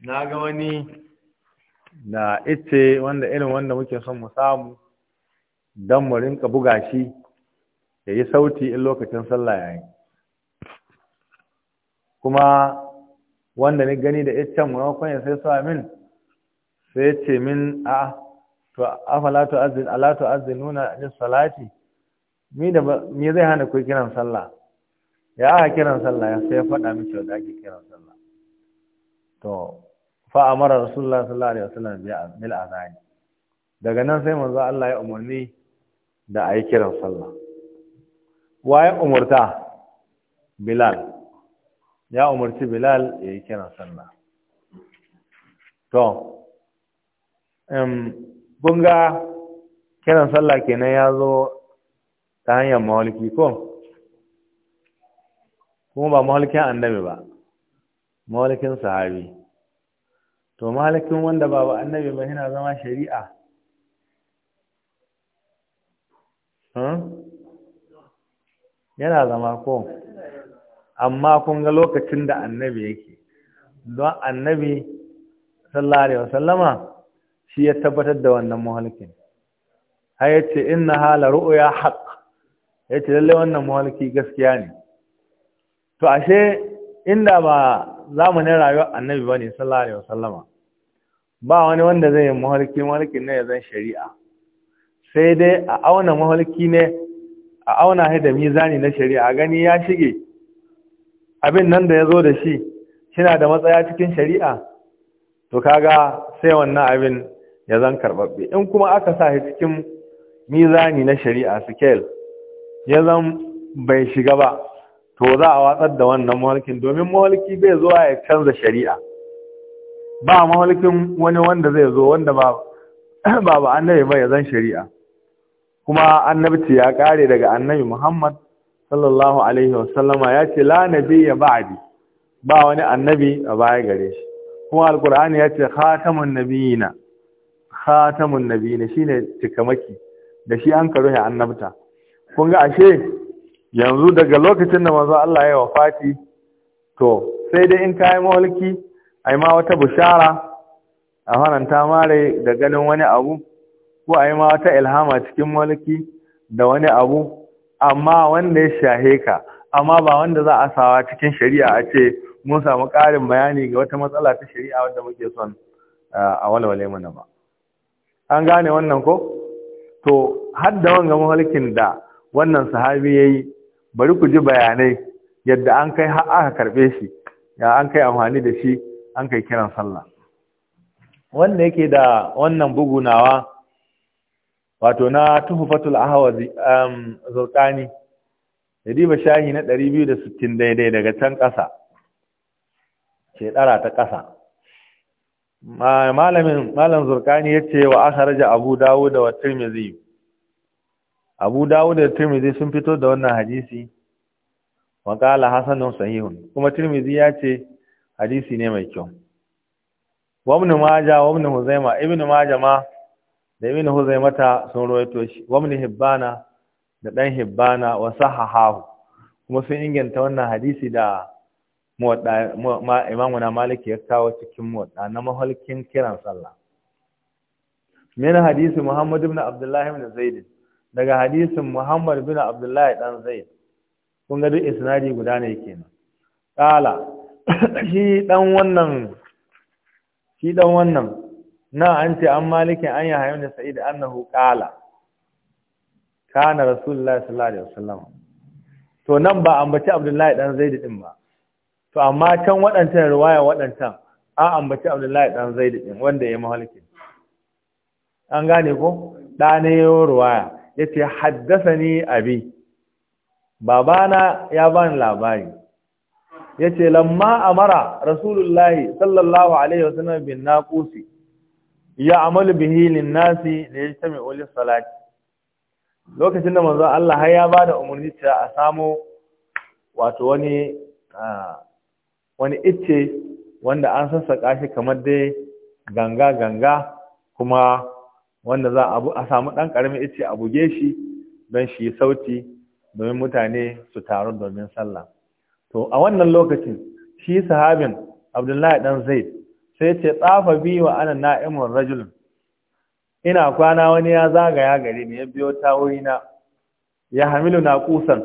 na ga wani na ice wanda irin wanda muke son mu samu don mu rinka buga shi ya yi sauti in lokacin sallah yayi kuma wanda ni gani da iccen maimakon ya sai sa min sai ya ce min a to afala to azin ala to azin nuna salati mi da mi zai hana ku kiran sallah ya kiran sallah ya sai ya faɗa miki da ake kiran sallah to fa amara rasulullah sallallahu alaihi wasallam bil azani daga nan sai manzo Allah ya umarni da ayi kiran sallah ya umurta bilal ya umarci bilal ya yi kiran sallah to um bunga kiran sallah kenan ya zo ta hanyar mahalki ko kuma ba mahalkin annabi ba mahalkin sahabi to malakin wanda babu annabi ba yana zama shari'a yana zama ko amma kun ga lokacin da annabi yake don annabi sallallahu alaihi wasallama shi ya tabbatar da wannan muhalkin har yace inna hala ru'ya haqq yace lalle wannan muhalki gaskiya ne to ashe inda ba zamanin rayuwar annabi bane sallallahu alaihi wasallama ba wani wanda zai yi mahalki mahalkin ne ya zan shari'a sai dai a auna mahalki ne a auna shi da mizani na shari'a gani ya shige abin nan da ya zo da shi shina da matsaya cikin shari'a to kaga sai wannan abin ya zan karbabbe in kuma aka sa shi cikin mizani na shari'a scale ya zan bai shiga ba to za a watsar da wannan mahalkin domin mahalki bai zuwa ya canza shari'a ba mahalikin wani wanda zai zo wanda ba ba annabi ba ya zan shari'a kuma annabci ya kare daga annabi Muhammad sallallahu alaihi wasallama ya ce la nabiyya ba'di ba wani annabi a baya gare shi kuma alkur'ani ya ce khatamun nabiyina khatamun nabiyina shine tikamaki da shi an ya annabta kun ga ashe yanzu daga lokacin da manzo Allah ya wafati to sai dai in kai mulki ai ma wata bushara a faranta mare da ganin wani abu ko ai ma wata ilhama cikin mulki da wani abu amma wanda ya shahe ka amma ba wanda za a sawa cikin shari'a a ce mun samu ƙarin bayani ga wata matsala ta shari'a wadda muke son eh, a walwale mana ba an gane wannan ko to har da wanga mulkin da wannan sahabi yayi bari ku ji bayanai yadda an kai har aka karbe shi ya an kai amfani da shi an kai kiran sallah wanda yake da wannan bugunawa wato na tuhufatul ahawazi um, zurkani da ba shahi na 260 daidai daga can ƙasa dara ta ƙasa malamin malam zurkani yace wa akhraja abu dawud wa tirmidhi abu dawud da tirmidhi sun fito da wannan hadisi wa qala hasanun sahihun kuma tirmidhi yace hadisi ne mai kyau wa ibn maja wa ibn huzaima ibn maja ma da ibn huzaimata sun rawaito shi wa ibn hibbana da dan hibbana wa sahahahu kuma sun inganta wannan hadisi da imamu na maliki ya kawo cikin muwadda na maholkin kiran sallah min hadisi muhammad ibn abdullah ibn zaid daga hadisin muhammad ibn abdullah dan zaid kun ga duk isnadi guda ne kenan qala shi dan wannan shi dan wannan na an ce an malikin an yi hayo da sa'id annahu qala kana rasulullahi sallallahu alaihi wasallam to nan ba ambaci abdullahi dan zaid din ba to amma can waɗancan riwaya waɗancan an ambaci abdullahi dan zaid din wanda ya mahalikin an gane ko da ne riwaya yace haddathani abi babana ya bani labari yace lamma amara rasulullahi sallallahu alaihi wasallam bin naqusi ya amalu bihi lin nasi da mai ul salati lokacin da manzo Allah har ya bada umarni cewa a samo wato wani wani icce wanda an sassaka shi kamar dai ganga ganga kuma wanda za a samu ɗan ƙaramin ice a buge shi don shi sauti domin mutane su taru domin sallah to a wannan lokacin shi sahabin abdullahi dan zaid sai ce tsafa bi wa ana na'imun rajulun ina kwana wani ya zagaya gare ni ya biyo ta wurina ya hamilu na kusan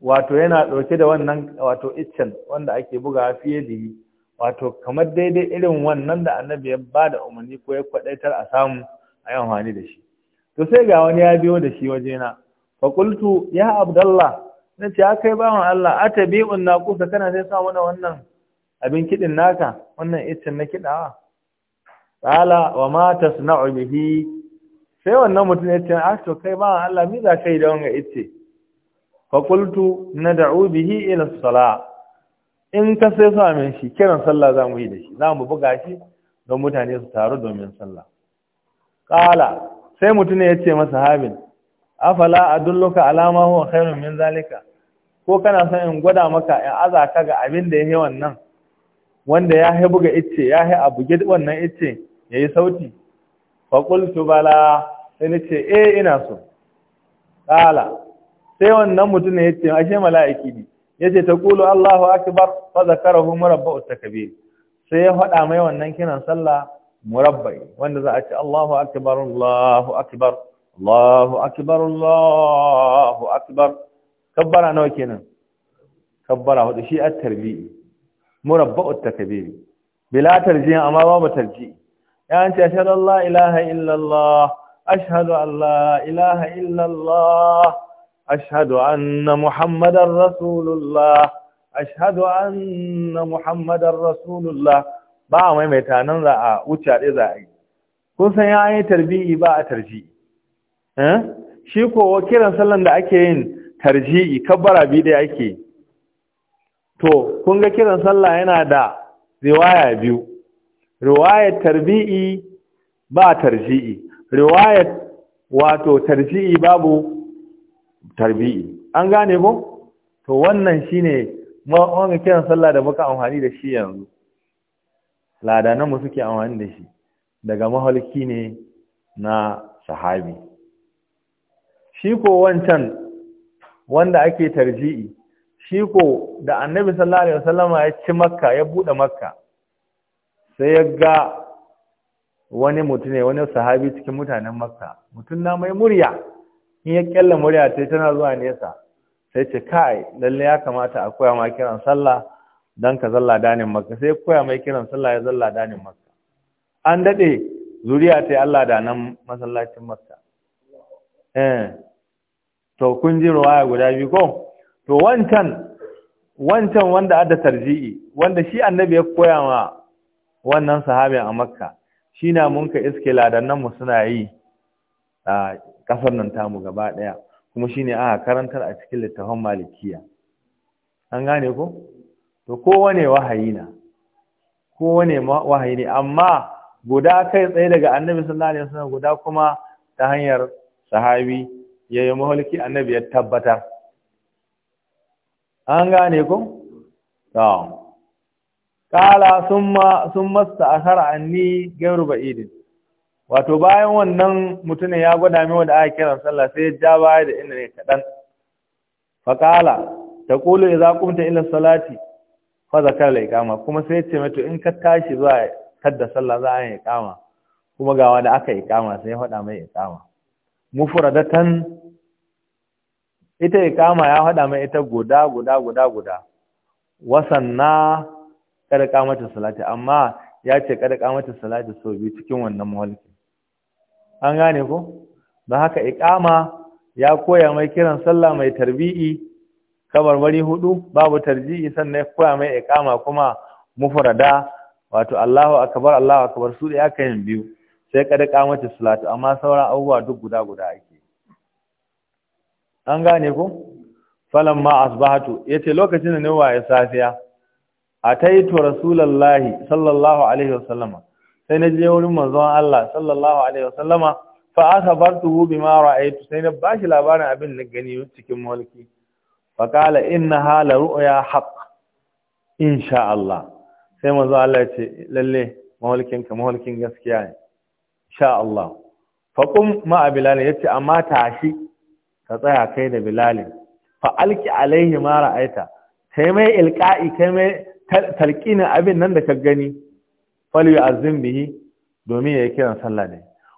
wato yana ɗauke da wannan wato iccen wanda ake buga fiye da yi wato kamar daidai irin wannan da annabi ya ba da umarni ko ya kwaɗaitar a samu a yi amfani da shi to sai ga wani ya biyo da shi wajena fakultu ya abdallah na ce ya kai bawan Allah a tabi'un na kusa kana zai sa wani wannan abin kiɗin naka wannan iccen na kiɗawa Ƙala wa mata suna ubihi. sai wannan mutum ya ce a ah, to kai bawan Allah mi za kai da wanga ice fakultu na da bihi ila sala in ka sai sa min shi kiran sallah za mu yi da shi za mu buga shi don mutane su taru domin sallah Ƙala sai mutum ya ce masa habin afala a adulluka alama huwa khairun min zalika ko kana son in gwada maka in aza ka ga abin da ya yi wannan wanda ya yi buga icce ya yi a buge wannan icce ya yi sauti qultu bala sai ni ce eh ina so ƙala sai wannan mutum ne ya ce ashe mala'iki ne ya ce ta qulu allahu akbar fa zakarahu murabba'u takbir sai ya faɗa mai wannan kiran sallah murabba'i wanda za a ce allahu akbar allahu akbar allahu akbar allahu akbar kabbara nawa kenan kabbara hudu shi at-tarbi'i murabba'ut takbiri bila tarji'i amma babu tarji'i ya an ce ashhadu an la ilaha illa Allah ashhadu an la ilaha illa Allah ashhadu anna muhammadar rasulullah ashhadu anna muhammadar rasulullah ba mai mai tanan za a wuce dai za a yi kun san ya yi tarbi'i ba a tarji'i eh shi ko kiran sallan da ake yin tarji'i kabbara biyu da ake to kun ga kiran sallah yana da riwaya biyu riwayar tarbi'i ba tarji'i riwayar wato tarji'i babu tarbi'i an gane ko to wannan shine ga kiran sallah da muka amfani da shi yanzu ladanan mu suke amfani da shi daga mahalki ne na sahabi shi ko wancan wanda ake tarji'i shi ko da annabi sallallahu alaihi wasallama ya ci makka ya bude makka sai ya ga wani mutum wani sahabi cikin mutanen makka mutum na mai murya in ya kyalla murya sai tana zuwa nesa sai ce kai lalle ya kamata a koya ma kiran sallah dan ka zalla danin makka sai koya mai kiran sallah ya zalla danin makka an dade zuriya ta Allah da nan masallacin makka eh to kun ji ruwaya guda biyu ko to wancan wancan wanda adda tarji'i wanda shi annabi ya koya ma wannan sahabin a makka shi na mun ka iske ladannan mu suna yi a kasar nan tamu gaba daya kuma shi ne aka karantar a cikin littafin malikiya an gane ko to kowane wahayi na kowane wahayi ne amma guda kai tsaye daga annabi sallallahu alaihi wasallam guda kuma ta hanyar sahabi ya yi mahalki annabi ya tabbatar an gane ku? ta kala sun masta a ni gairu idin wato bayan wannan mutumin ya gwada min wanda aka kiran sallah sai ya ja baya da inda ne kaɗan faƙala ta ƙulu ya zaƙunta ilin salati fa zakar la ikama kuma sai ya ce mato in ka tashi za a kadda sallah za a yi ikama kuma ga wanda aka ikama sai ya faɗa mai ikama mufradatan ita iqama ya hada mai ita guda guda guda guda wasanna kada kamata salati amma ya ce kada kamata salati so bi cikin wannan muhalli an gane ko don haka iqama ya koya mai kiran sallah mai tarbi'i wani hudu babu tarji'i sannan ya koya mai ikama kuma mufrada wato Allahu akbar Allahu akbar su da aka yin biyu sai kada kamata salatu amma sauran abubuwa duk guda guda ake an gane ko ma asbahatu yace lokacin da ne waye safiya to rasulullahi sallallahu alaihi wasallama sai na je wurin manzon Allah sallallahu alaihi wasallama fa bi ma ra'aytu sai na bashi labarin abin da gani cikin mulki fa qala inna hala ru'ya haqq insha Allah sai manzon Allah ya ce lalle mulkin ka mulkin gaskiya ne sha Allah faƙun ma'a bilalin ya ce amma tashi ka tsaya kai da bilalin fa'alki alaihi mara aita kai mai ilka'i kai mai talƙinin abin nan da ka gani falwi a zimbihi domin ya yi kiran sallah da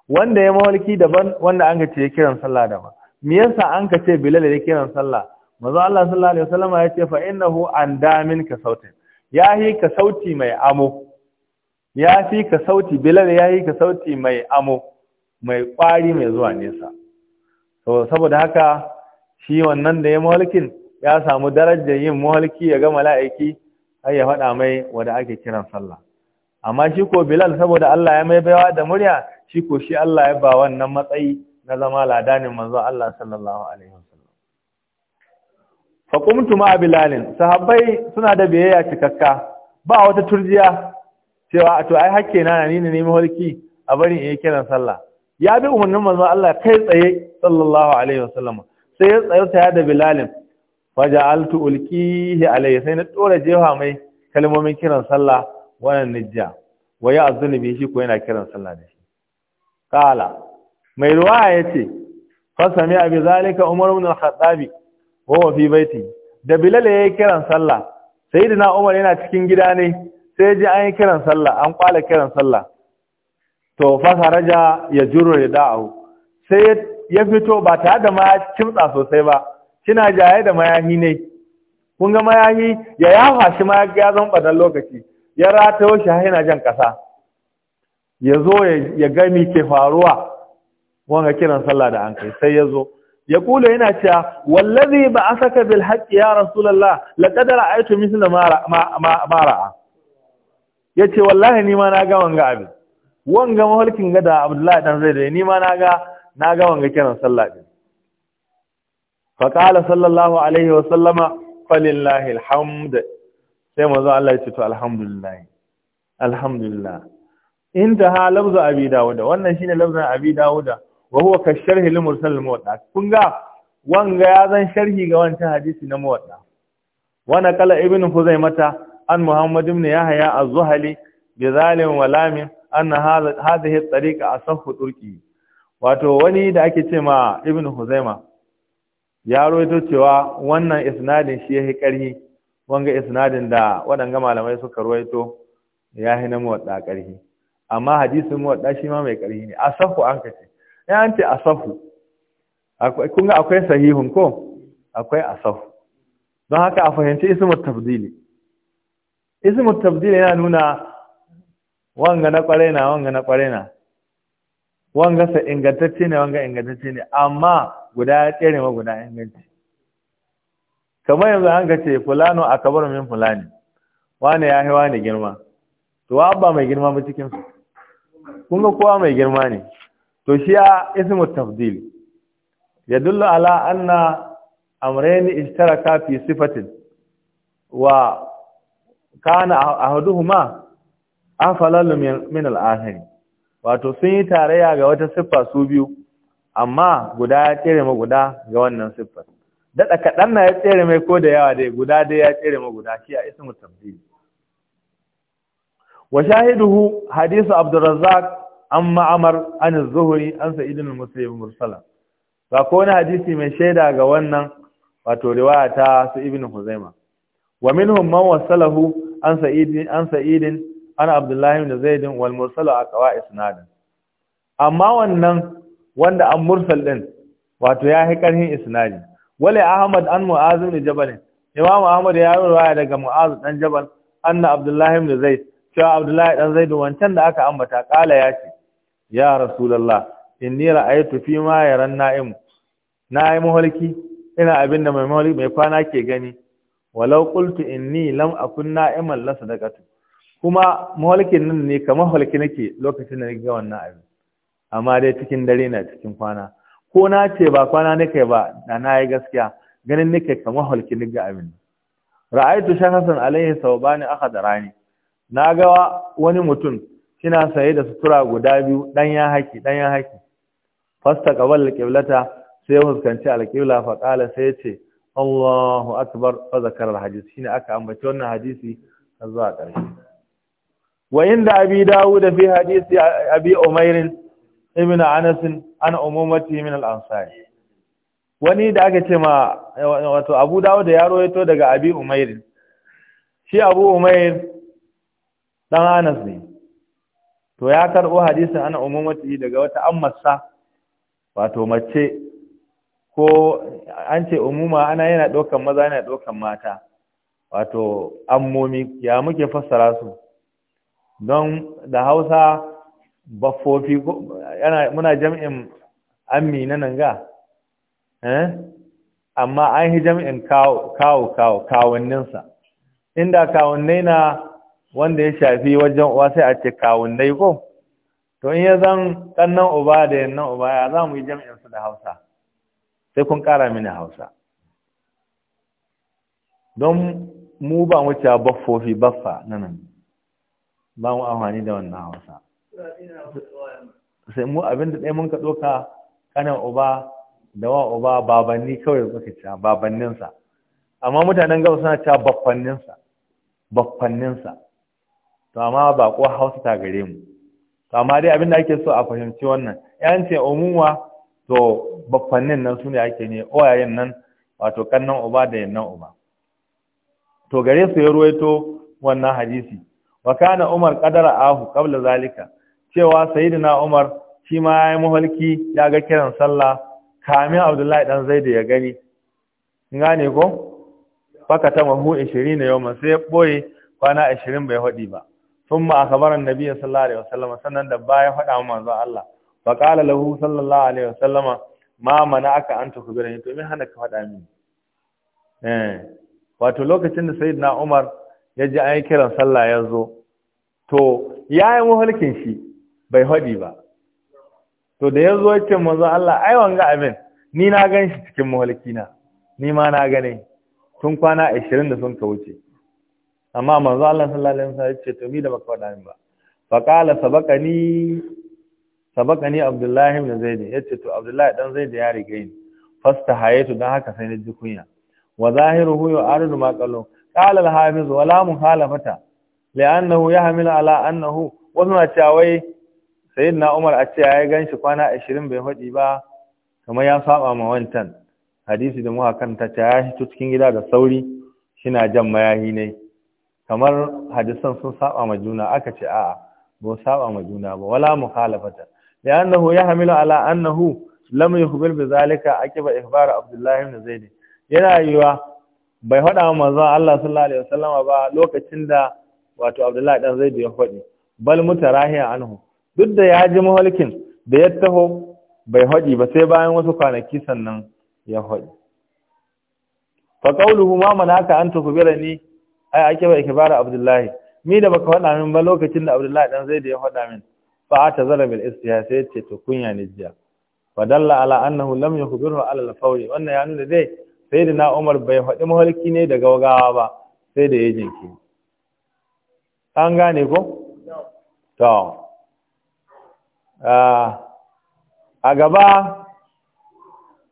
wanda ya mawalki daban wanda an ce ya kiran sallah ba. me yasa an ka ce bilal ya kiran sallah manzo Allah sallallahu alaihi wasallam ya fa innahu an damin ka sautin yahi ka sauti mai amo ya fi ka sauti bilal ya yi ka sauti mai amo mai kwari mai zuwa nesa saboda haka shi wannan da ya mahalkin ya samu darajar yin mahalki ya ga mala'iki har ya faɗa mai wanda ake kiran sallah amma shi ko bilal saboda Allah ya mai baiwa da murya shi ko shi Allah ya ba wannan matsayi na zama ladanin manzo Allah sallallahu alaihi wasallam fa qumtu ma bilalin sahabbai suna da biyayya cikakka ba wata turjiya cewa to ai hakke na ni ne nemi mulki a bari in yi kiran sallah ya bi umarnin manzon Allah kai tsaye sallallahu alaihi wasallam sai ya tsaya ta da bilalin faja'altu ulkihi alaihi sai na dora jefa mai kalmomin kiran sallah wannan nijja wa ya bi shi ko yana kiran sallah da shi kala mai ruwaya yace fa sami'a bi zalika umar ibn al-khattab wa huwa fi baiti da bilal yayi kiran sallah sayyidina umar yana cikin gida ne sai ji an yi kiran sallah an kwala kiran sallah to fasaraja ya juro ya da'ahu sai ya fito ba tare da ma kimtsa sosai ba kina jaye da mayahi ne kun ga mayahi ya yafa shi ma ya zama badan lokaci ya ratayo shi yana jan kasa ya zo ya gami ke faruwa wanga kiran sallah da an kai sai ya zo ya kula yana cewa wallazi ba asaka bil haqqi ya rasulullah laqad ra'aytu mithla ma ra'a ya ce wallahi ni ma na ga wanga abin wanga mahalkin ga da abdullahi dan zai da ni ma na ga na ga wanga kiran sallah din fa qala sallallahu alaihi wa sallama falillahi alhamd sai manzo Allah ya ce to alhamdulillah alhamdulillah intaha lafzu abi dawud wannan shine lafzan abi dawud wa huwa ka sharhi lil mursal muwatta kun ga wanga ya zan sharhi ga wancan hadisi na muwatta wa naqala ibnu huzaimata an Muhammad ibn Yahya az-Zuhali bi zalim wa lamin anna hadhihi at-tariqa asahhu turki wato wani da ake ce ma Ibn Huzaima ya rawaito cewa wannan isnadin shi yake karhi wanga isnadin da wadanga malamai suka rawaito ya hina muwadda karhi amma hadisin muwadda shi ma mai karhi ne Asafu an kace ya an ce akwai kun ga akwai sahihun ko akwai asahu don haka a fahimci ismu tafdili ismu tabdil yana nuna wanga na kware na wanga na kware na wanga sa ingantacce ne wanga ingantacce ne amma guda ya tsere ma guda inganci kamar yanzu an ga ce fulano a kabar min fulani wane ya yi wane girma to wa ba mai girma ba cikin su kun ga kowa mai girma ne to shi ya ismu ya yadullu ala anna amrayni ishtaraka fi sifatin wa kana ahaduhuma afalalu min al wato sun yi tarayya ga wata siffa su biyu amma guda ya tsere ma guda ga wannan siffa. daɗa kaɗan na ya tsere mai ko da yawa dai guda dai ya tsere ma guda shi a ismu tabdil wa shahiduhu hadisu abdurrazzak an ma'amar an zuhuri an sa'id al mursala ba ko wani hadisi mai shaida ga wannan wato riwaya ta su ibn huzaima wa minhum man wasalahu an sa'idin an sa'idin ana abdullahi da zaidin wal mursalu a qawa isnadin amma wannan wanda an mursal din wato ya hi karhin isnadi wala ahmad an mu'az ibn jabal imam ahmad ya yi riwaya daga mu'az dan jabal anna abdullahi ibn zaid cewa abdullahi dan zaid wancan da aka ambata kala ya ce ya rasulullah inni ra'aytu fi ma yaran na'im na'imu halki ina abinda mai mai kwana ke gani walau qultu inni lam akun na'iman la sadaqatu kuma mulkin nan ne kamar halki nake lokacin da nake ga wannan abin amma dai cikin dare na cikin kwana ko na ce ba kwana nake ba da na yi gaskiya ganin nake kamar halki nake abin ra'aytu shakhsan alayhi sawbani rani na ga wani mutum kina saye da sutura guda biyu dan ya haki dan ya haki fasta qiblata sai ya fuskanci alqibla fa qala sai ya ce Allahu akbar fa zakara al-hadith shine aka ambaci wannan hadisi har zuwa ƙarshe wa inda abi dawud fi hadisi abi umair ibn anas an umumati min al-ansar wani da aka ce ma wato abu dawud ya rawaito daga abi umair shi abu umair dan anas ne to ya karbo hadisin ana umumati daga wata ammasa wato mace ko an ce umuma ana yana ɗaukan maza yana ɗaukan mata wato ammomi ya muke fassara su don da hausa baffofi muna jam'in ammi na nan ga eh? amma an yi jam'in kawo kawo kawunninsa inda kawunnai na wanda ya shafi wajen uwa sai a ce kawunnai ko to in ya zan ƙannan uba da yannan uba ya za mu yi su da hausa sai kun ƙara mini hausa don mu ba wuce baffofi baffa nan ba mu amfani da wannan hausa sai mu abinda ɗaya mun ka ɗoka ƙanan uba da wa uba babanni kawai suka ci babanninsa amma mutanen gaba suna ci baffanninsa baffanninsa to amma ba ko hausa ta gare mu to amma dai abinda ake so a fahimci wannan yan ce umuwa to bafannin nan su ne ake ne oyayen nan wato kannan uba da yannan uba to gare su ya ruwaito wannan hadisi wa kana umar qadara ahu qabla zalika cewa sayyidina umar shi ma yayi muhalki ya ga kiran sallah kami abdullahi dan zaid ya gani gane ko Baka ta mahu 20 yawma sai boye kwana 20 bai hodi ba thumma akhbara an-nabiy sallallahu alaihi wasallam sannan da baya hada mu manzo Allah fa qala lahu sallallahu alaihi wasallama ma mana aka anta kubira to me hana ka faɗa mini eh wato lokacin da sayyidina Umar ya ji an yi kiran sallah ya zo to yayin muhalkin shi bai haɗi ba to da ya zo ya ce manzo Allah ai wanga abin ni na gan shi cikin muhalki na ni ma na gane tun kwana 20 da sun ka wuce amma manzo Allah sallallahu alaihi wasallam ya ce to ni da baka faɗa min ba fa qala sabaqani sabaka ni abdullahi ibn zaid ce to abdullahi dan zaid ya rige ni fasta hayatu dan haka sai na ji kunya wa zahiruhu yu'aridu ma qalu qala al-hafiz wa la mukhalafata li'annahu yahmil ala annahu wannan wai sayyidina umar a ce ya ganshi kwana 20 bai hadi ba kamar ya saba ma wantan hadisi da muka kanta ta ya shi cikin gida da sauri shina jan mayahi ne kamar hadisan sun saba ma juna aka ce a'a ba saba ma juna ba wala mukhalafata لأنه يحمل على أنه لم يخبر بذلك عقب إخبار عبد الله بن زيد yana yiwa bai faɗa wa manzon Allah sallallahu alaihi wasallama ba lokacin da wato Abdullahi dan Zaid ya faɗi bal mutarahiya anhu duk da ya ji mahalkin da ya taho bai haɗi ba sai bayan wasu kwanaki sannan ya haɗi fa qawluhu ma manaka an tukhbirani ai ake ba ikbara Abdullahi ni da baka faɗa min ba lokacin da Abdullahi dan Zaid ya faɗa min fa ta zara bil istiha sai ce to kunya ne jiya fa dalla ala annahu lam yukhbiru ala al fawri wannan ya nuna dai sayyidina Umar bai faɗi mahalki ne daga gaugawa ba sai da ya ki an gane ko to a gaba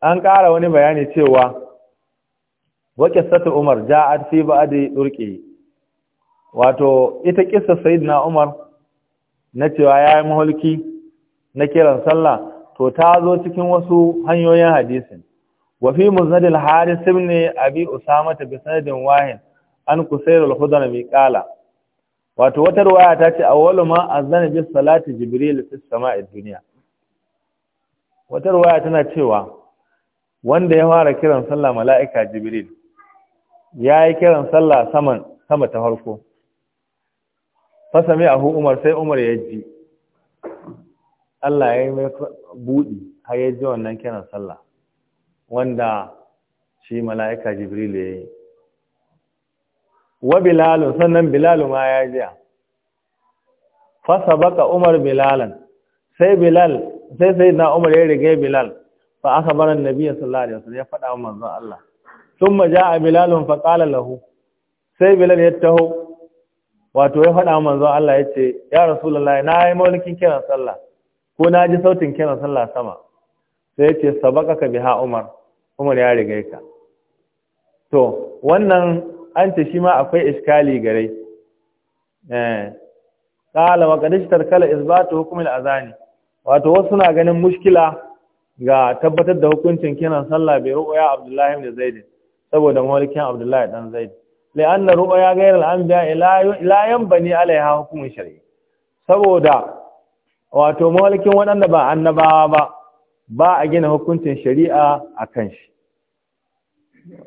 an ƙara wani bayani cewa waƙe sata umar ja'ad fi ba'di durqi wato ita kissa sayyidina umar na cewa ya yi maholki na kiran sallah to ta zo cikin wasu hanyoyin hadisin wa fi haris ibn abi usama bi sanadin wahin, an kusayr al-khudri qala wato wata riwaya ta ce awwalu ma azana bi salati jibril fi sama'id dunya wata riwaya tana cewa wanda ya fara kiran sallah mala'ika jibril yayi kiran sallah saman sama ta harko. fasame ahu umar sai umar ya ji Allah ya yi mai buɗi har ya ji wannan kiran sallah wanda shi mala'ika jibril ya yi wa Bilalun, sannan Bilalun ma ya jiya. fasa baka umar bilalan sai bilal sai sai na umar ya riga bilal fa aka baran nabiya sallallahu alaihi wasallam ya faɗa wa manzon Allah thumma jaa bilalun fa qala lahu sai bilal ya taho wato ya faɗa manzo Allah ya ce ya rasulullahi na yi maulikin kiran sallah ko na ji sautin kiran sallah sama sai ya ce sabaka ka biha umar umar ya riga ka to wannan an ce shi ma akwai iskali gare eh qala wa qad ishtarkala isbatu hukm al-azani wato wasu na ganin mushkila ga tabbatar da hukuncin kiran sallah bai ruwaya abdullahi ibn zaid saboda maulikin abdullahi dan zaid la'anna ruwa ya al-anbiya la yanbani alaiha hukumin shar'i saboda wato mawalkin waɗanda ba annabawa ba ba a gina hukuncin shari'a a kan shi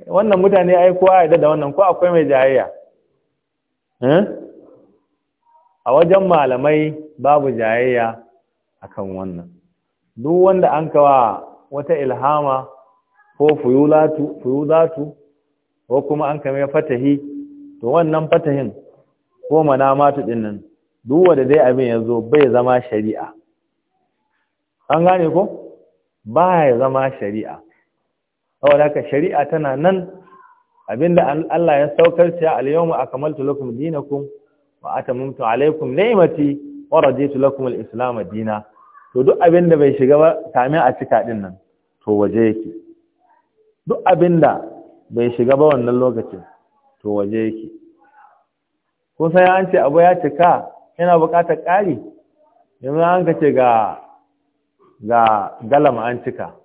wannan mutane ai kowa ya da wannan ko akwai mai jayayya a wajen malamai babu jayayya akan wannan duk wanda an kawa wata ilhama ko fuyulatu ko kuma an kame fatahi to wannan fatahin ko manamatu din nan duk wanda dai abin ya zo bai zama shari'a an gane ko ba zama shari'a saboda haka shari'a tana nan abinda Allah ya saukar ce al-yawma akmaltu lakum dinakum wa atamamtu alaykum ni'mati wa raditu lakum al-islam dinan to duk abinda bai shiga ba kame a cika din nan to waje yake duk abinda bai shiga ba wannan lokacin to waje yake ko sai an ce abu ya cika yana buƙatar ƙari yanzu an ka ce ga ga galama an cika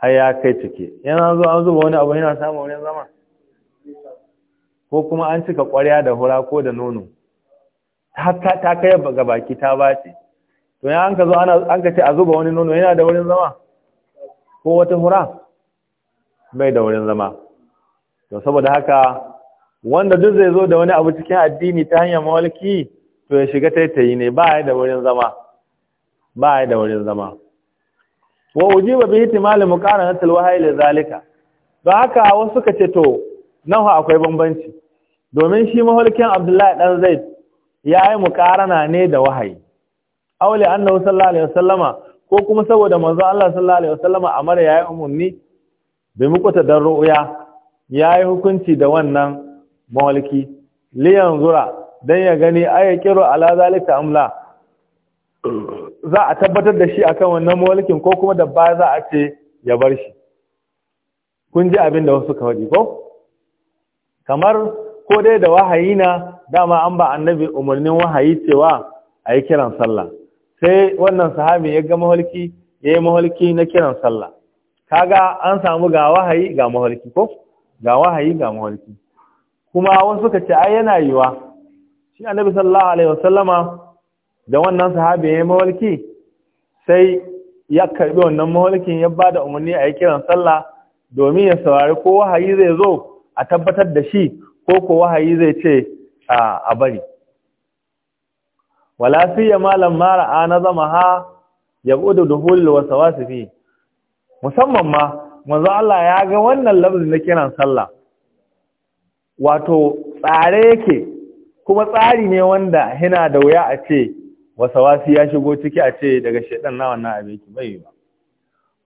har ya kai cike yana zo an zuba wani abu yana samun wani zama ko kuma an cika ƙwarya da hura ko da nono ta kai ga baki ta bace to yana an ka zo an ka ce a zuba wani nono yana da wurin zama ko wata hura bai da wurin zama to saboda haka wanda duk zai zo da wani abu cikin addini ta hanyar mawalki to ya shiga taitayi ne ba ya da wurin zama ba ya da wurin zama wa ujiba bi ihtimali muqaranatil wahyi li zalika ba haka wasu suka ce to nan akwai bambanci domin shi mawalkin Abdullahi dan Zaid yayi na ne da wahayi aw li annahu sallallahu alaihi wasallama ko kuma saboda manzo Allah sallallahu alaihi wasallama amara yayi umarni, bai muku ruuya ya yi hukunci da wannan mawalki liyan zura don ya gani aya kiro ala zalika amla za a tabbatar da shi akan wannan mawalkin ko kuma da ba za a ce ya bar shi kun ji abin da wasu ka faɗi ko kamar ko dai da wahayi na dama an ba annabi umarnin wahayi cewa a yi kiran sallah sai wannan sahabi ya ga mahalki ya yi mahalki na kiran sallah kaga an samu ga wahayi ga mawalki ko ga wahayi ga mawarki kuma wasu suka ce ai yana yiwa shi annabi sallallahu alaihi wasallama da wannan sahabi ya mawarki sai ya karbi wannan mawarkin ya bada umarni a yi kiran sallah domin ya saurari ko wahayi zai zo a tabbatar da shi ko ko wahayi zai ce a bari wala ya malam mara a na zama ha ya gudu duhul wasu wasu musamman ma manzo Allah ya ga wannan lafzin na kiran sallah wato tsare yake kuma tsari ne wanda yana da wuya a ce wasawasi ya shigo ciki a ce daga shedan na wannan abin ki bai ba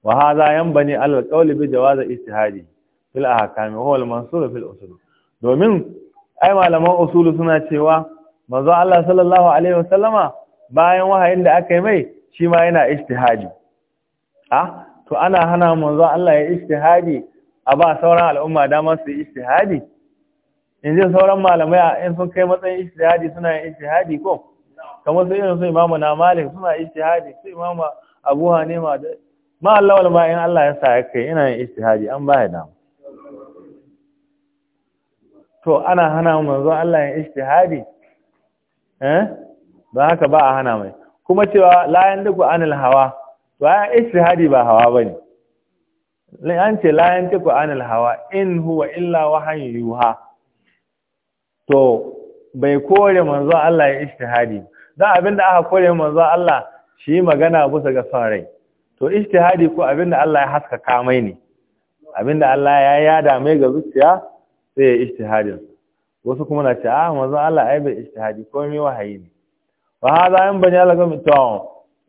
wa hadha yanbani alal qawli bi jawaz istihadi fil ahkam huwa al mansur fil usul domin ai malaman usul suna cewa manzo Allah sallallahu alaihi wasallama bayan wahayin da aka yi mai shi ma yana istihadi ah to ana hana manzo Allah ya istihadi a ba sauran al'umma dama su yi istihadi yanzu sauran malamai in sun kai matsayin istihadi suna yin istihadi ko kamar su irin su imamu na malik suna istihadi su imamu abu hanima da ma Allah wal ma in Allah ya sa ya kai ina yin istihadi an baya dama to ana hana manzo Allah yin istihadi eh ba haka ba a hana mai kuma cewa la duku anil hawa to a istihadi ba hawa ba ne an ce layan ta ƙwa'an hawa in huwa illa wahayi yuha to bai kore manzo Allah ya istihadi dan abinda aka kore manzo Allah shi magana bisa ga son rai to istihadi ko abinda Allah ya haska kamai ne abinda Allah ya yada mai ga zuciya sai ya istihadin wasu kuma na ce a ah, manzo Allah ai bai istihadi komai wahayi ne wa hadha bani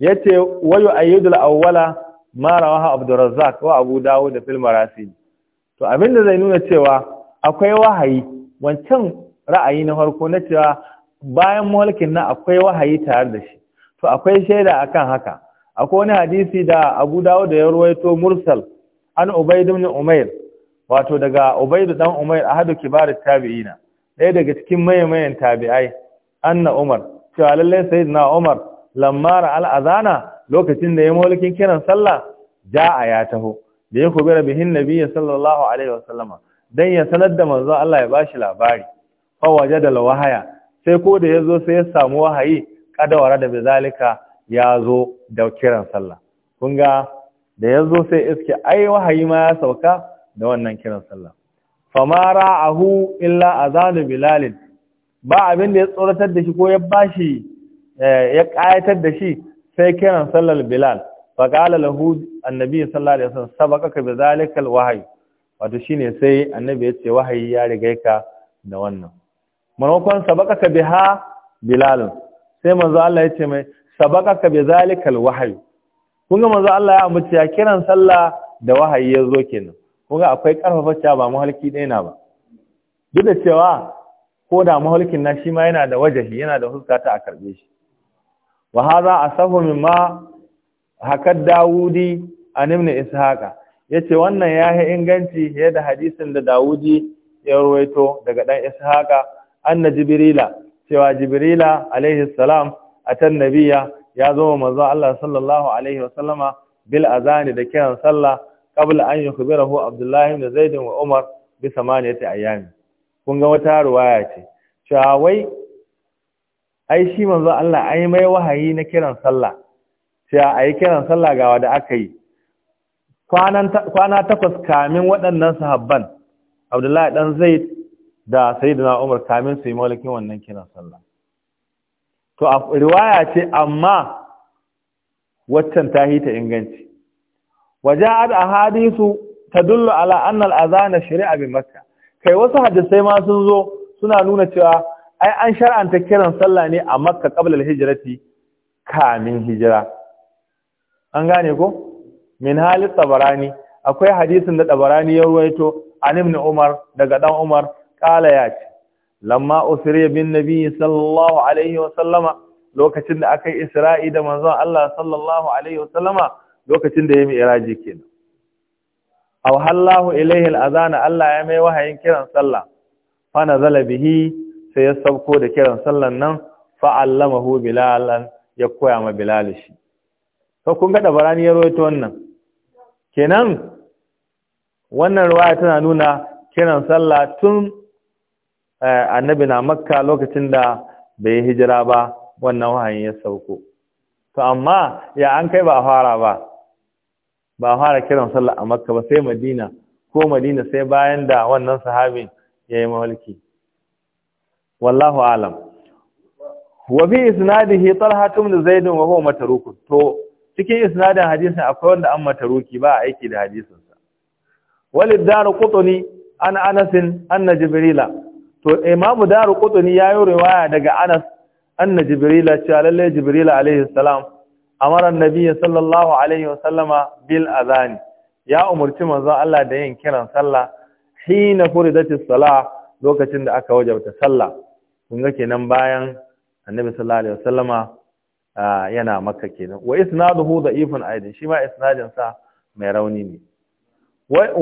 yace wayu ayyidul awwala ma rawaha abdurrazzaq wa abu dawud fil marasi to abin da zai nuna cewa akwai wahayi wancan ra'ayi na farko na cewa bayan mulkin na akwai wahayi tare da shi to akwai shaida akan haka akwai wani hadisi da Abu Dawud ya rawaito mursal an Ubayd ibn Umayr wato daga Ubayd dan Umayr ahadu kibarit tabi'ina ɗaya daga cikin mai-mayan tabi'ai anna Umar cewa lalle sayyidina Umar Lammara al'azana lokacin da ya mulkin kiran sallah ja'a ya taho da ya kubira bihin nabiyyi sallallahu alaihi wasallama dan ya sanar da manzon Allah ya bashi labari fa da wahaya sai ko da ya zo sai ya samu wahayi kadawara da bizalika zo da kiran sallah kun ga da zo sai iske ai wahayi ma ya sauka da wannan kiran sallah famara ra'ahu illa azanu bilalin. ba abin da ya tsoratar da shi ko ya bashi Eh, ya ƙayatar da shi sai kiran sallar bilal faƙala lahu annabi sallallahu alaihi wasallam ka bi zalikal wahyi wato shine sai annabi ya ce wahayi ya riga ka da wannan sabaka ka biha bilal sai manzo Allah ya ce mai ka bi zalikal wahyi kun ga manzo Allah ya ambaci ya kiran sallah da wahayi ya zo kenan kun ga akwai karfafa cewa ba muhalki ɗaya na ba duk da cewa ko da muhalkin na shi ma yana da wajahi yana da huska a karbe shi a sahu min ma hakar dawudi an ibn Ya ce wannan ya yi inganci ya da hadisin da dawudi ya ruwaito daga dan ishaqa anna jibrila cewa jibrila alaihi salam atan nabiyya ya zo manzo Allah sallallahu alaihi wasallama bil azani da kiran sallah qabla an yukhbirahu Abdullahi ibn zaid wa umar bi samaniyati ayami kun ga wata riwaya ce cewa wai ai shi manzo Allah ai mai wahayi na kiran sallah sai a kiran sallah ga wanda aka yi kwana takwas kamin waɗannan sahabban Abdullahi dan Zaid da Sayyidina Umar kamin su yi malakin wannan kiran sallah to a riwaya ce amma waccan ta hita inganci waja'ad ahadisu tadullu ala anna al-adhana shari'a bi makkah kai wasu hadisai ma sun zo suna nuna cewa ai an shar'anta kiran sallah ne a makka kabla al-hijrati kamin hijira an gane ko min hali tabarani akwai hadisin da tabarani ya ruwaito an ibn umar daga dan umar kala ya ce lamma usriya bin nabi sallallahu alaihi wa sallama lokacin da aka isra'i da manzon Allah sallallahu alaihi wa sallama lokacin da ya mi iraji kenan aw hallahu ilaihi al-azana Allah ya mai wahayin kiran sallah fa nazala bihi sai ya sauko da kiran sallan nan fa'allamahu bilalan ya koya ma Bilalishi. shi kun ga barani ya roito wannan kenan wannan ya tana nuna kiran sallah tun eh, annabi na makka lokacin da bai hijira ba wannan wahayin ya sauko to amma ya an kai ba fara ba ba fara kiran sallah a makka ba sai madina ko madina sai bayan da wannan sahabin ya yi mahalki والله اعلم وفي اسناده طلحه بن زيد وهو متروك تو to cikin isnadin hadisin akwai wanda an mataruki ba aiki da hadisin sa walid qutni an anas anna jibrila to imamu darqutni yayi riwaya daga anas anna jibrila cewa lalle jibrila alaihi salam amara annabi sallallahu alaihi sallama bil adhan ya umurci manzon Allah da yin kiran sallah hina furidatis salah lokacin da aka wajabta sallah kun ga kenan bayan annabi sallallahu alaihi wasallama yana makka kenan wa isnaduhu da'ifun aidin shi ma isnadin sa mai rauni ne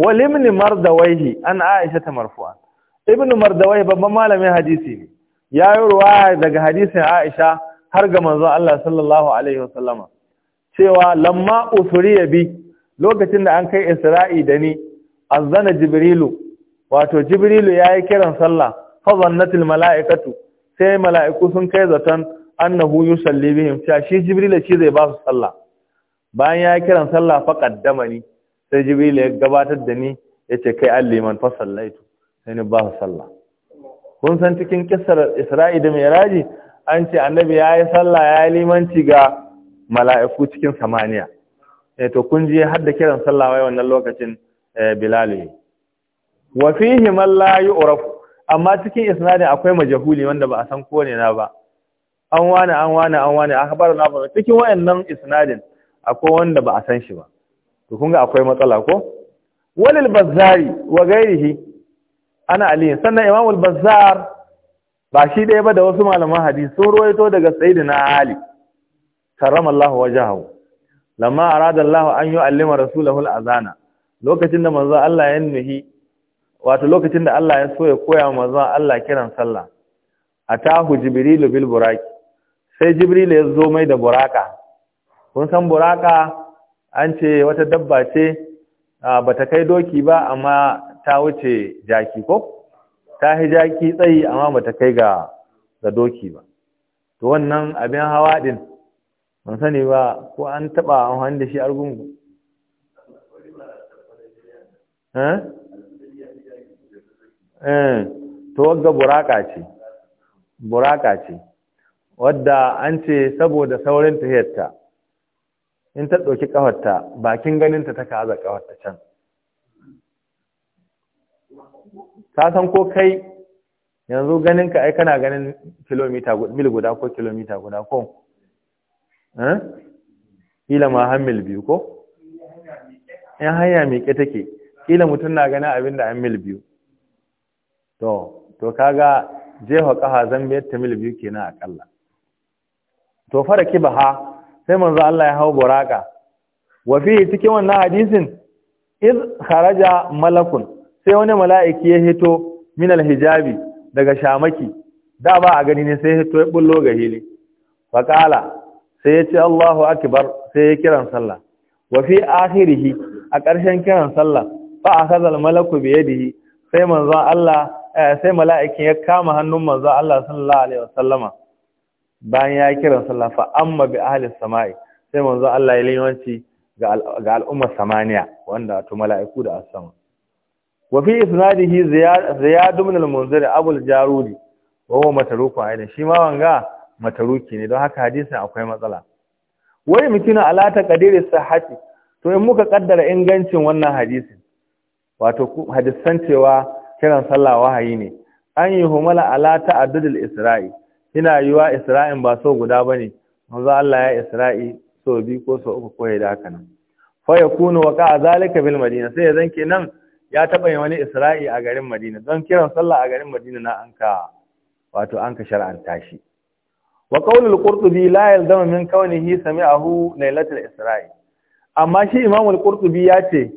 wa limn mardawaihi an aisha ta marfu'a ibn mardawai babban malamin hadisi ne ya yi ruwaya daga hadisin aisha har ga manzon Allah sallallahu alaihi wasallama cewa lamma usriya bi lokacin da an kai isra'i da ni azzana jibrilu wato jibrilu yayi kiran sallah fazannatil mala'ikatu sai mala'iku sun kai zaton annahu yusalli bihim ta shi jibril shi zai ba su sallah bayan ya kiran sallah fa ni sai jibril ya gabatar da ni yace kai alliman fa sallaitu sai ni ba su sallah kun san cikin kissar Isra'i da Mi'raji an ce annabi ya yi sallah ya yi limanci ga mala'iku cikin samaniya eh to kun je har da kiran sallah wai wannan lokacin eh, Bilal wa fihi man la yu'rafu amma cikin isnadin akwai majahuli wanda ba a san ko ne na ba an wani an wani an wani an habar na ba cikin wayannan isnadin akwai wanda ba a san shi ba to kun ga akwai matsala ko walil bazzari wa gairihi ana ali sannan imamul bazzar ba shi ɗaya ba da wasu malaman hadisi sun ruwaito daga sayyidina ali karramallahu wajhahu lamma arada Allah an yu'allima rasulahu al-azana lokacin da manzo Allah ya nuhi wato lokacin da Allah ya so ya koya wa manzon Allah kiran sallah atahu jibrilu bil buraki sai jibrilu ya zo mai da buraka kun san buraka an ce wata dabba ce bata kai doki ba amma ta wuce jaki ko ta hi jaki tsayi amma bata kai ga ga doki ba to wannan abin hawa din ban sani ba ko an taba amfani da shi argungu eh Eh, to wadda buraka ce buraka ce wadda an ce saboda saurin tahiyarta in ta ɗauki ƙafarta bakin ganinta ta kaza ƙafarta can ta san ko kai yanzu ganinka ai kana ganin kilomita mil guda ko kilomita guda ko eh? kila ma har mil biyu ko ƴan hanya miƙe take kila mutum na ganin abin da an mil biyu to to kaga jefa ƙaha ta mil biyu kenan akalla to fara kibaha sai manzo Allah ya hau buraka wa fi cikin wannan hadisin iz kharaja malakun sai wani mala'iki ya hito min hijabi daga shamaki da ba a gani ne sai hito ya bullo ga hili fa sai ya ce Allahu akbar sai ya kiran sallah Wafi fi akhirih a ƙarshen kiran sallah fa akhadha almalaku bi yadihi sai manzo Allah Eh, sai mala'ikin ya kama hannun manzo Allah sallallahu alaihi wasallama bayan ya kira sallah fa amma bi ahli samai sai manzo Allah ya limanci ga al'ummar samaniya wanda to mala'iku da asama wa fi isnadihi ziyad ibn al-munzir abul jarudi wa huwa mataruku aidan shi ma wanga mataruki ne don haka hadisin akwai matsala wai mutuna ala taqdiri sahhati to in muka kaddara ingancin wannan hadisin wato hadisan cewa kiran sallah wahayi ne an yi humala ala ta'addudul isra'i ina yiwa isra'in ba so guda bane manzo Allah ya isra'i so bi ko so uku ko da haka nan fa yakunu waqa zalika bil madina sai ya zan nan ya taba yin wani isra'i a garin madina don kiran sallah a garin madina na anka wato anka shar'anta shi wa qaulul qurtubi la yalzamu min kaunihi sami'ahu lailatul isra'i amma shi imamul qurtubi ya ce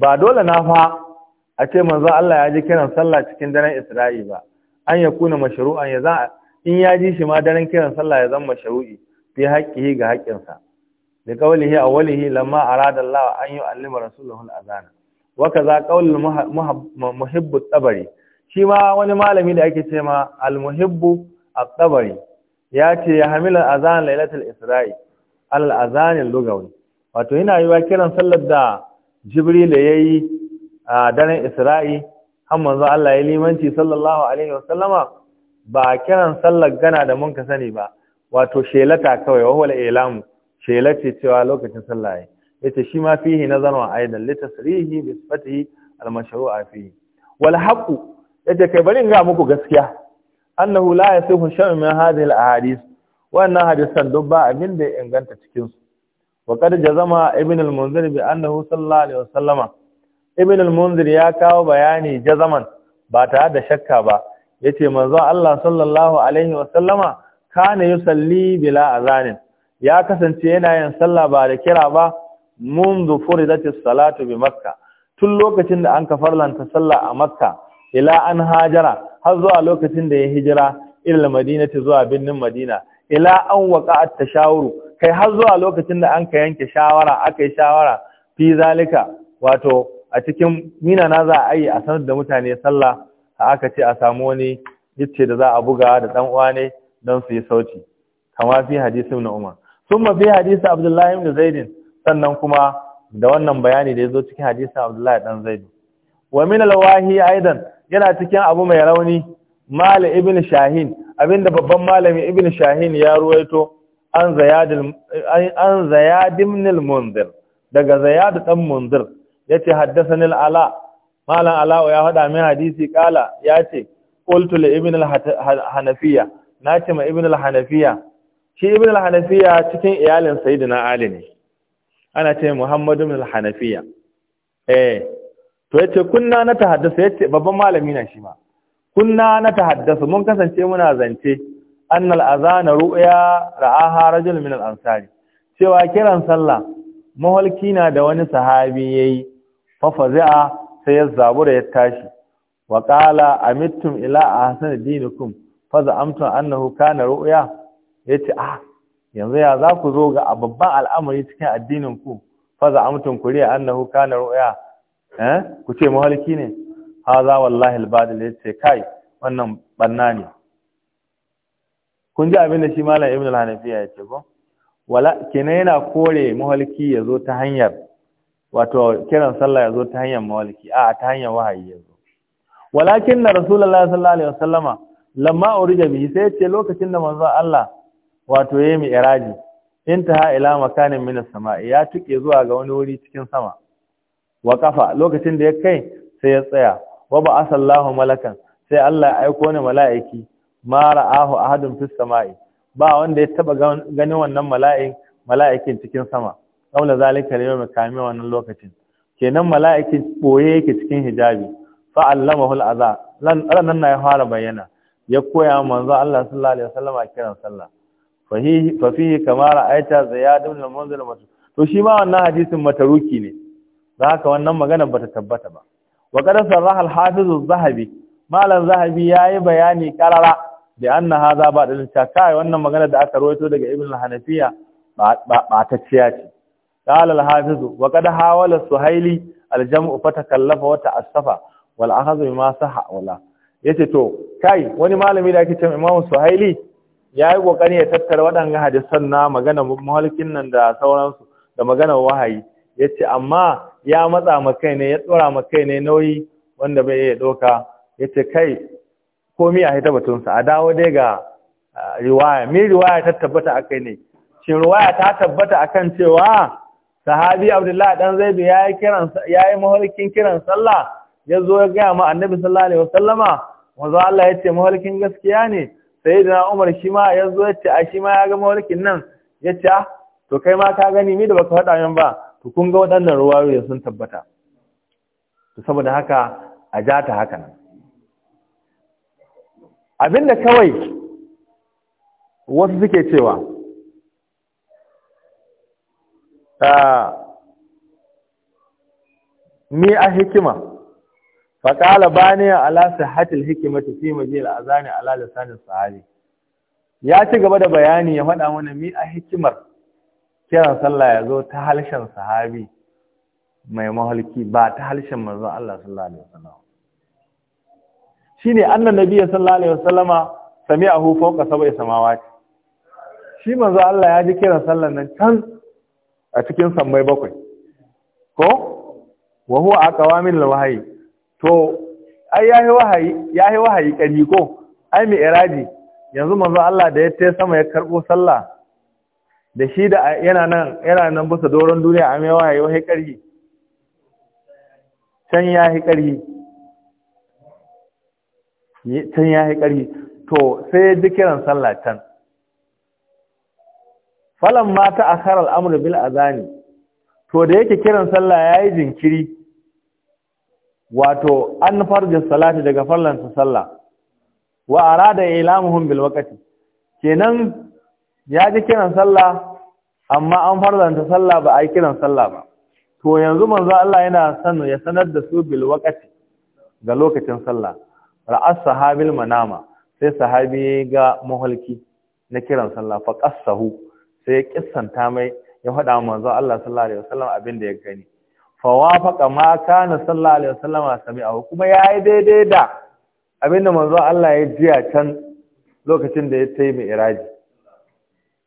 ba dole na fa a ce manzo Allah ya ji kiran sallah cikin daren Isra'i ba an ya kuna mashru'an ya za in ya ji shi ma daren kiran sallah ya zama mashru'i fi haqqihi ga haƙƙinsa da qawlihi awwalihi lamma arada Allah an yu'allima rasulahu al-azana wa kaza qawlul muhibbu at-tabari shi ma wani malami da ake ce ma al-muhibbu at-tabari ya ce ya hamila azan lailatul isra'i al-azan al-lugawi wato yana yiwa kiran sallar da jibril yayi a daren Isra'i har manzo Allah ya limanci sallallahu alaihi wasallama ba kiran sallar gana da mun ka sani ba wato shelata kawai wa huwa ilamu shelace cewa lokacin sallah ya yace shi ma fihi nazarun aidan li tasrihi bi sifatihi al mashru'a fihi wal haqu yace kai bari ga muku gaskiya annahu la yasihu shay'un min hadhihi al ahadith wannan hadisan duk ba abin da inganta cikin su wa qad jazama ibn al munzir bi annahu sallallahu alaihi wasallama ibn al-munzir ya kawo bayani jazaman ba tare da shakka ba yace manzo Allah sallallahu alaihi wa sallama kana yusalli bila azanin ya kasance yana yin sallah ba da kira ba منذ salatu bi Makka. tun lokacin da an kafarlanta sallah a makka ila an hajara har zuwa lokacin da ya hijira ila madinati zuwa birnin madina ila an at tashawuru kai har zuwa lokacin da an ka yanke shawara akai shawara fi zalika wato a cikin mina na za a yi a sanar da mutane sallah a aka ce a samu wani yace da za a buga da dan uwa ne don su yi sauti kama fi hadisi na umar fi hadisi abdullahi ibn zaid sannan kuma da wannan bayani da yazo zo cikin hadisi abdullahi dan zaid wa min alwahi aidan yana cikin abu mai rauni mal ibn shahin abinda babban malami ibn shahin ya ruwaito an zayad an zayad munzir daga zayad dan munzir yace haddathani al-ala malam ala ya hada mai hadisi kala yace qultu li ibn al-hanafiya nace ma ibn al-hanafiya shi ibn al-hanafiya cikin iyalin sayyidina ali ne ana ce muhammadu ibn al-hanafiya eh to yace kunna na ta haddasa? yace babban malami na shi ma kunna na ta haddasa mun kasance muna zance annal azana ru'ya ra'aha rajul min al-ansari cewa kiran sallah maholki na da wani sahabi yayi fafaza sai ya zabura ya tashi wa qala amittum ila ahsani dinikum fa za'amtum annahu kana ru'ya yace ah yanzu ya za ku zo ga babban al'amari cikin addinin ku fa za'amtum kuriya annahu kana ru'ya eh ku ce muhalki ne haza wallahi albadil yace kai wannan banna ne kun ji abin da shi malam ibnu al-hanafiya yace ko wala kenan yana kore muhalki yazo ta hanyar wato kiran sallah ya zo ta hanyar mawaliki a ta hanyar wahayi ya yazo walakin na rasulallah sallallahu alaihi wasallama lamma urija bihi sai ce lokacin da manzo Allah wato yayi mi iraji intaha ila makanin min samai ya tuke zuwa ga wani wuri cikin sama wa kafa lokacin da ya kai sai ya tsaya wa ba asallahu malakan sai Allah ya aiko ne mala'iki ma ra'ahu ahadun fis sama'i ba wanda ya taba ganin wannan mala'in mala'ikin cikin sama kaula zalika al mai kame wannan lokacin kenan mala'iki boye yake cikin hijabi fa allamahu al'aza adha nan na ya fara bayyana ya koya manzo Allah sallallahu alaihi wasallam kiran sallah fa hi kama ra'aita ziyad ibn al-munzir to shi ma wannan hadisin mataruki ne da haka wannan magana bata tabbata ba wa qadar sarah al-hafiz az-zahabi malam zahabi yayi bayani karara da anna hadha ba da kai wannan magana da aka rawaito daga ibn al-hanafiya ba ta ciya ce قال الحافظ وقد حاول السهيل الجمع فتكلف وتأسف والأخذ بما صح ولا yace to kai wani malami da ake cewa Imam Suhaili yayi kokari ya tattara waɗannan hadisan na magana muhallikin nan da sauransu da magana wahayi yace amma ya matsa ma kai ne ya dora ma kai ne nauyi wanda bai iya doka yace kai komai a hita batun sa a dawo dai ga riwaya me riwaya ta tabbata akai ne shin riwaya ta tabbata akan cewa sahabi abdullahi dan zaidu yayi kiran yayi kiran sallah ya zo ya gaya ma annabi sallallahu alaihi wasallama manzo Allah ya ce mahalkin gaskiya ne sayyidina Umar shi ma ya zo ya ce a shi ma ya ga mahalkin nan ya ce ah, to kai ma ka gani mi da baka faɗa min ba to kun ga waɗannan ruwayoyi sun tabbata to saboda haka a ja ta haka nan abinda kawai wasu suke cewa ni a hikima faƙala bani ala hikima ta fi majil azani ala sanin sahabi ya ci gaba da bayani ya faɗa mana mi a hikimar kiran sallah ya zo ta halshen sahabi mai mahalki ba ta halshen manzon Allah sallallahu alaihi wasallam shine annan nabi sallallahu alaihi wasallama sami'ahu fawqa sab'i samawati shi manzon Allah ya ji kiran sallan nan can a cikin sammai bakwai ko wa huwa min alwahyi to ai ya wahayi wahayi ko ai mai iraji yanzu manzo Allah da ya tayi sama ya karbo sallah da shi da yana nan yana nan bisa doron duniya a mai wahayi wahayi karhi can yi karhi can yi to sai ya ji kiran sallah can falan mata a karar amur bil azani to da yake kiran sallah ya yi jinkiri wato an farja salati daga fallansa sallah wa arada ilamuhum bil wakati kenan ya ji kiran sallah amma an farzanta sallah ba a yi kiran sallah ba to yanzu manzo Allah yana sanu ya sanar da su bil wakati ga lokacin sallah ra'as sahabil manama sai sahabi ga muhalki na kiran sallah fa qassahu sai ya kissanta mai ya faɗa wa manzo Allah sallallahu alaihi wasallam abin da ya gani fa wafaqa ma kana sallallahu alaihi wasallam sami'ahu kuma ya yi daidai da abin da manzo Allah ya jiya can lokacin da ya tayi mai iraji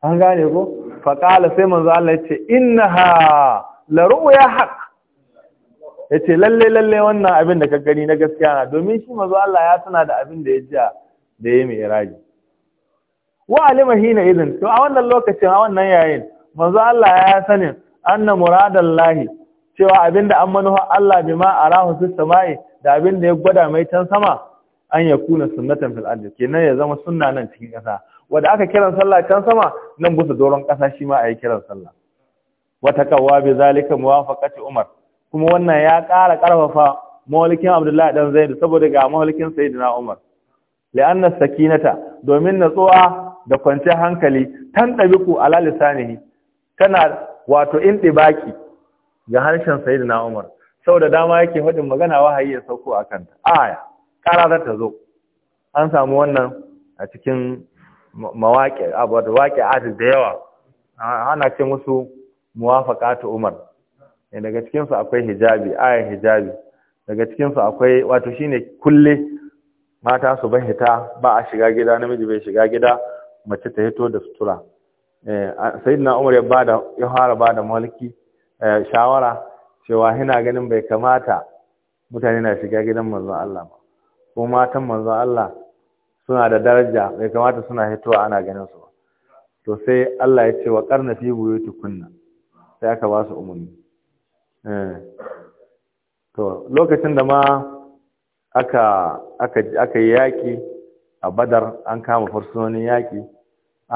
an gane ko fa qala sai manzo Allah ya ce innaha la ru'ya haqq yace lalle lalle wannan abin da ka gani na gaskiya na domin shi manzo Allah ya tana da abin da ya jiya da ya mai iraji wa alima hina idin to a wannan lokacin a wannan yayin manzo Allah ya sanin anna muradallahi cewa abinda an manuha Allah bima arahu fis samai da abinda ya gwada mai can sama an ya kuna sunnatan fil ardi kenan ya zama sunna nan cikin kasa wanda aka kiran sallah can sama nan busa doron kasa shi ma ayi kiran sallah wa taqawwa bi zalika muwafaqati umar kuma wannan ya ƙara ƙarfafa mawalikin Abdullahi dan Zaid saboda ga mawalikin Sayyidina Umar li'anna sakinata domin natsuwa da kwanciyar hankali tan ɗabi'u ala lisanihi tana wato in ɗibaki ga harshen sayyidina Umar da dama yake faɗin magana wahayi ya sauko a kanta aya ƙara ta zo an samu wannan a cikin mawaƙi abu da waƙi ati da yawa ana ce musu ta Umar eh, daga cikinsu akwai hijabi ayar hijabi daga cikinsu akwai wato shine kulle mata su bahita ba a shiga gida namiji bai shiga gida mace ta hito da sutura eh, na umar ya bada ya fara bada maliki eh, shawara cewa hina ganin bai kamata mutane na shiga gidan manzon Allah ba ko matan manzon Allah suna da daraja bai kamata suna hitowa ana ganin su ba to sai Allah ya ce wa karna fi tukunna sai aka ba su umarni eh. to lokacin da ma aka aka aka yaki a Badar an kama fursunonin yaki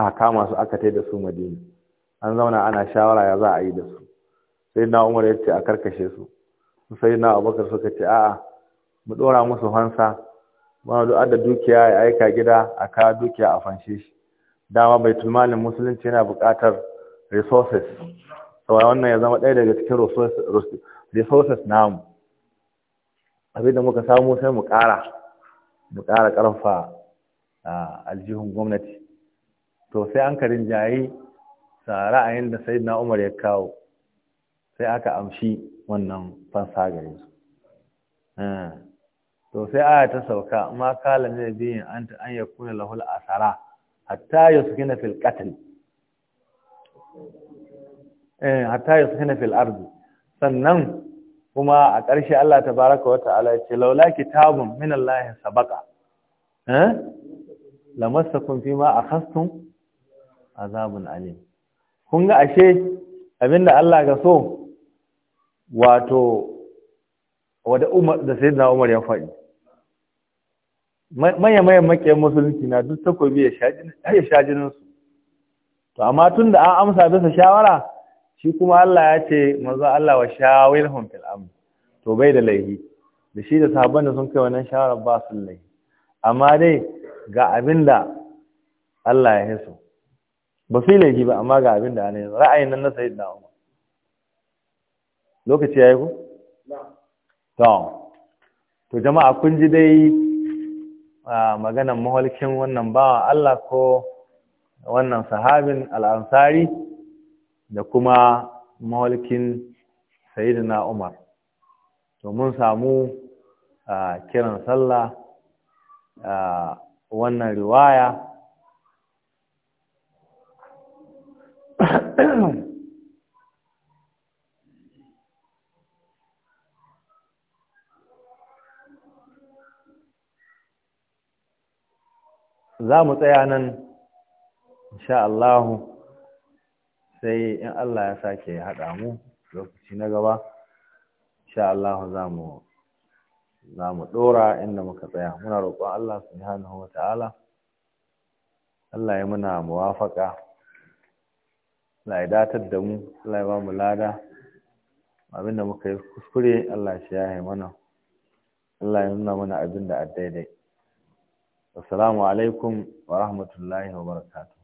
aka kama su aka tai da su madina an zauna ana shawara ya za a yi da su sai na umar ya ce a karkashe su sai na abubakar suka ce a'a mu ɗora musu fansa wani duk da dukiya ya aika gida a ka dukiya a fanshe shi dama bai tulmalin musulunci yana buƙatar resources saboda wannan ya zama ɗaya daga cikin resources namu abin da muka samu sai mu ƙara mu ƙara ƙarfa ah, aljihun gwamnati to sai an karin jayi ra'ayin da na umar ya kawo sai aka amshi wannan fansa gare su eh, to sai aya ta sauka ma kala ne biyin an ta an yakuna lahul asara hatta gina fil eh, hatta eh su gina fil arzi sannan kuma a ƙarshe Allah baraka wa ta'ala ya ce laula kitabun min Allah sabaka eh lamassakum fima akhastum azabun alim kun ga ashe abinda Allah ga so wato wada Umar da Sayyidina Umar ya faɗi manya mayan makiyan musulunci na duk takobi ya shaji ya su to amma tun da an amsa bisa shawara shi kuma Allah ya ce manzo Allah wa hum fil amr to bai da laifi da shi da sahabban da sun kai wannan shawara ba su laifi amma dai ga abinda Allah ya hiso ba fi laifi ba amma ga abin da ana yanzu ra'ayin nan na sayi na lokaci ya yi ku? to jama'a kun ji dai maganan mahalkin wannan bawa Allah ko wannan sahabin al'ansari da kuma mahalkin sayid na umar to mun samu kiran sallah wannan riwaya za mu tsaya nan insha Allahu sai in Allah ya sake haɗa mu lokaci na gaba insha Allahu za mu za mu ɗora inda muka tsaya muna roƙon Allah subhanahu wa ta'ala Allah ya muna muwafaƙa Allah ya datar da mu Allah ya ba mu lada abin da muka yi kuskure Allah shi ya yi mana Allah ya nuna mana abin da daidai assalamu alaikum wa rahmatullahi wa barakatuh